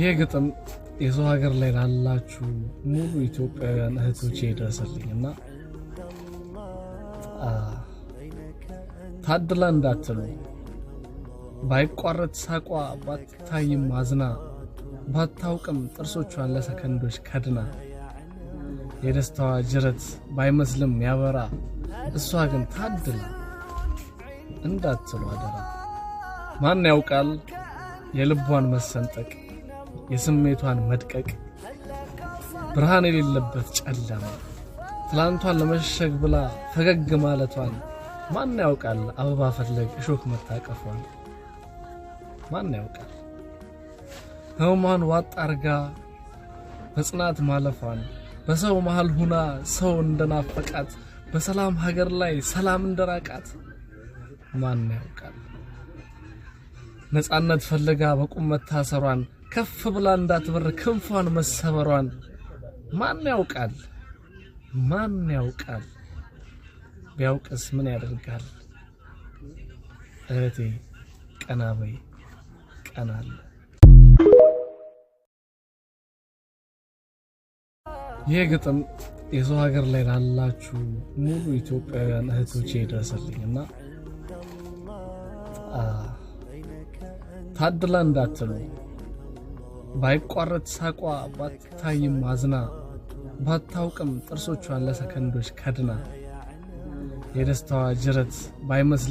ይሄ ግጥም የሰው ሀገር ላይ ላላችሁ ሙሉ ኢትዮጵያውያን እህቶች ይደረሰልኝ እና ታድላ እንዳትሉ ባይቋረጥ ሳቋ ባትታይም አዝና ባታውቅም ጥርሶቿን ለሰከንዶች ከድና የደስታዋ ጅረት ባይመስልም ያበራ እሷ ግን ታድላ እንዳትሉ አደራ። ማን ያውቃል የልቧን መሰንጠቅ የስሜቷን መድቀቅ ብርሃን የሌለበት ጨለማ ትላንቷን ለመሸሸግ ብላ ፈገግ ማለቷን ማን ያውቃል? አበባ ፈለግ እሾክ መታቀፏን ማን ያውቃል? ህመሟን ዋጥ አርጋ በጽናት ማለፏን በሰው መሃል ሁና ሰው እንደናፈቃት በሰላም ሀገር ላይ ሰላም እንደራቃት ማን ያውቃል? ነጻነት ፈለጋ በቁም መታሰሯን ከፍ ብላ እንዳትበር ክንፏን መሰበሯን ማን ያውቃል? ማን ያውቃል? ቢያውቅስ ምን ያደርጋል? እህቴ ቀና በይ፣ ቀና ይህ ግጥም የሰው ሀገር ላይ ላላችሁ ሙሉ ኢትዮጵያውያን እህቶች ይደረሰልኝ እና ታድላ እንዳትሉ ባይቋረጥ ሳቋ ባትታይም አዝና ባታውቅም ጥርሶቿን ለሰከንዶች ከድና የደስታዋ ጅረት ባይመስል